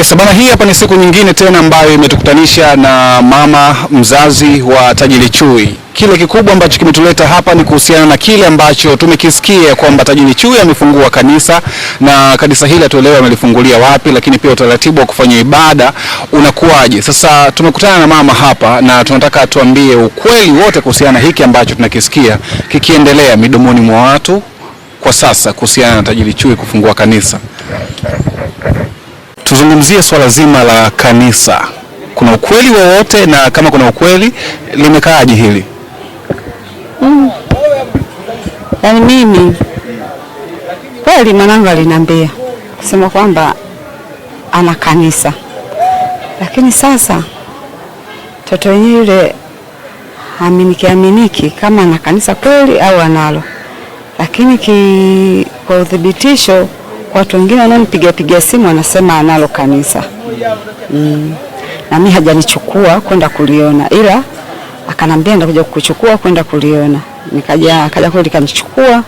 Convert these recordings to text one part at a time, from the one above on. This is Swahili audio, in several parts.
Yes, bana, hii hapa ni siku nyingine tena ambayo imetukutanisha na mama mzazi wa Tajiri Chui. Kile kikubwa ambacho kimetuleta hapa ni kuhusiana na kile ambacho tumekisikia kwamba Tajiri Chui amefungua kanisa na kanisa hili hatuelewe amelifungulia wapi, lakini pia utaratibu wa kufanya ibada unakuwaje. Sasa tumekutana na mama hapa na tunataka tuambie ukweli wote kuhusiana na hiki ambacho tunakisikia kikiendelea midomoni mwa watu kwa sasa kuhusiana na Tajiri Chui kufungua kanisa tuzungumzie swala zima la kanisa. Kuna ukweli wowote, na kama kuna ukweli limekaaje hili? Mm. Yaani mimi kweli mwanangu aliniambia kusema kwamba ana kanisa, lakini sasa mtoto wenyewe yule aminiki aminiki kama ana kanisa kweli au analo, lakini ki, kwa uthibitisho Watu wengine wananipiga piga simu wanasema analo kanisa mm. Na mimi hajanichukua kwenda kuliona, ila akanambia ndakuja kukuchukua kwenda kuliona. Nikaja akaja kweli kanichukua,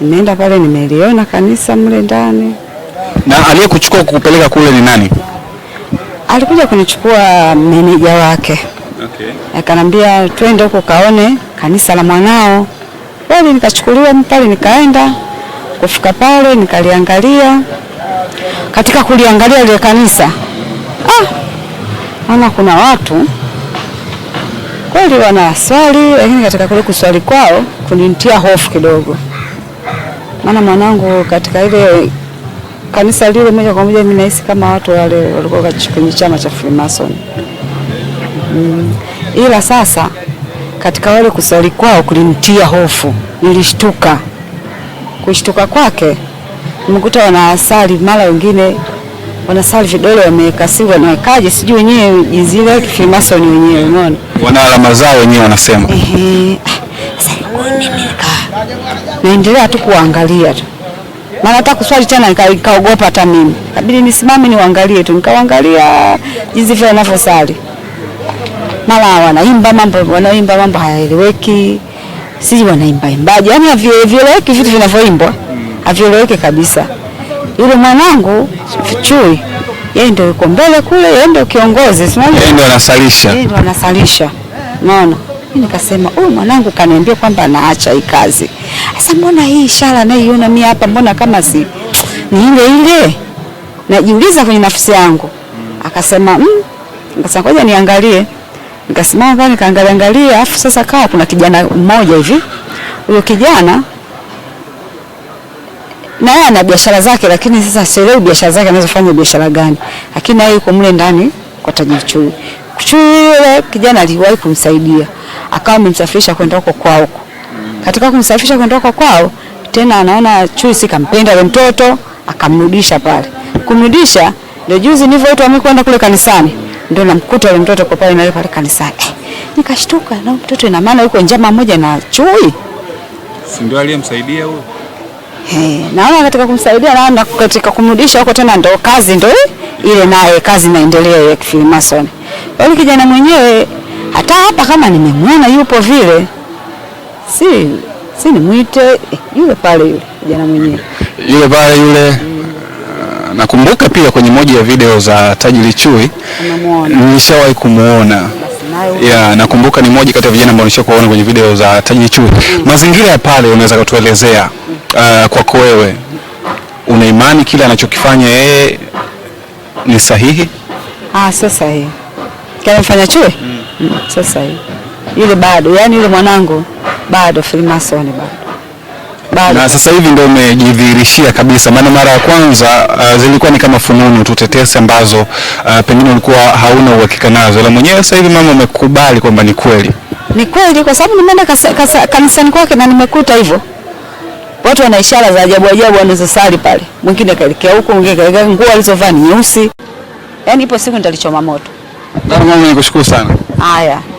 nimeenda pale nimeliona kanisa mle ndani. Na aliyekuchukua kukupeleka kule ni nani? Alikuja kunichukua meneja wake. Okay. Akanambia twende huko kaone kanisa la mwanao. Kweli nikachukuliwa pale nikaenda Kufika pale nikaliangalia, katika kuliangalia ile kanisa ah, kuna watu kweli wanaswali, lakini katika kule kuswali kwao kunitia hofu kidogo, maana mwanangu katika ile kanisa lile moja kwa moja mimi nahisi kama watu wale walikuwa kwenye chama cha Freemason mm. Ila sasa katika wale kuswali kwao kulinitia hofu, nilishtuka kushtuka kwake mkuta wanasali mara wengine wanasali vidole wameweka siri wanawekaje, sijui wenyewe jinsi ile ni wenyewe, unaona wana alama zao wenyewe wanasema. Ehe, naendelea tu kuangalia tu, maana hata kuswali tena nikaogopa hata mimi, kabidi nisimame niwaangalie tu, nikaangalia jinsi vile wanavyosali, mara wanaimba mambo wanaimba mambo hayaeleweki sisi wanaimba imbaje, yaani havieleweki, vitu vinavyoimbwa havieleweki kabisa. Yule mwanangu Chui, yeye ndio yuko mbele kule, yeye ndio kiongozi, si yeye ndio anasalisha, yeye ndio anasalisha, unaona. mimi Nikasema huyu oh, mwanangu kaniambia kwamba anaacha hii kazi. Sasa mbona hii ishara naiona mimi hapa, mbona kama si ni ile ile? Najiuliza kwenye nafsi yangu. Akasema mm. Nikasema ngoja niangalie. Nikasimama pale ah, nikaangalia angalia, afu sasa kawa kuna kijana mmoja hivi. Huyo kijana na yeye ana biashara zake, lakini sasa sielewi biashara zake anazofanya biashara gani, lakini yeye yuko mle ndani kwa tajiri Chui. Chui yule kijana aliwahi kumsaidia, akawa amemsafirisha kwenda huko kwao huko. Katika kumsafirisha kwenda huko kwao, tena anaona Chui si kampenda yule mtoto, akamrudisha pale. Kumrudisha ndio juzi nilivyoitwa mimi kwenda kule kanisani ndio namkuta yule mtoto kwa pale na pale kanisani. Eh, nikashtuka na mtoto, ina maana yuko njama moja na chui, si ndio aliyemsaidia huyo? Hey, naona katika kumsaidia na katika kumrudisha huko tena ndio kazi ndio ile naye kazi inaendelea ya Freemason. Yule yaani kijana mwenyewe hata hapa kama nimemwona yupo vile, si si nimwite eh, yule pale yule kijana mwenyewe yule pale yule nakumbuka pia kwenye moja ya video za Tajiri Chui nilishawahi kumuona ya nakumbuka ni moja kati ya vijana ambao nishakuona kwenye video za Tajiri Chui. Mm. Mazingira ya pale unaweza kutuelezea, mm. uh, kwako wewe una imani kile anachokifanya yeye ni sahihi? Ah, sio sahihi kile anafanya Chui. Mm. Mm, sio sahihi yule, bado yani yule mwanangu bado Freemason bado Bali. Na sasa hivi ndio umejidhihirishia kabisa, maana mara ya kwanza uh, zilikuwa ni kama fununu tu tetesi ambazo uh, pengine ulikuwa hauna uhakika nazo, la mwenyewe sasa hivi mama umekubali kwamba ni kweli. Ni kweli kwa sababu nimeenda kanisani kwake na nimekuta hivyo watu wana ishara za ajabu ajabu wanazosali pale, mwingine kaelekea huko, mwingine kaelekea, nguo alizovaa ni nyeusi. Yaani ipo siku nitalichoma moto. mama Nikushukuru sana. Haya.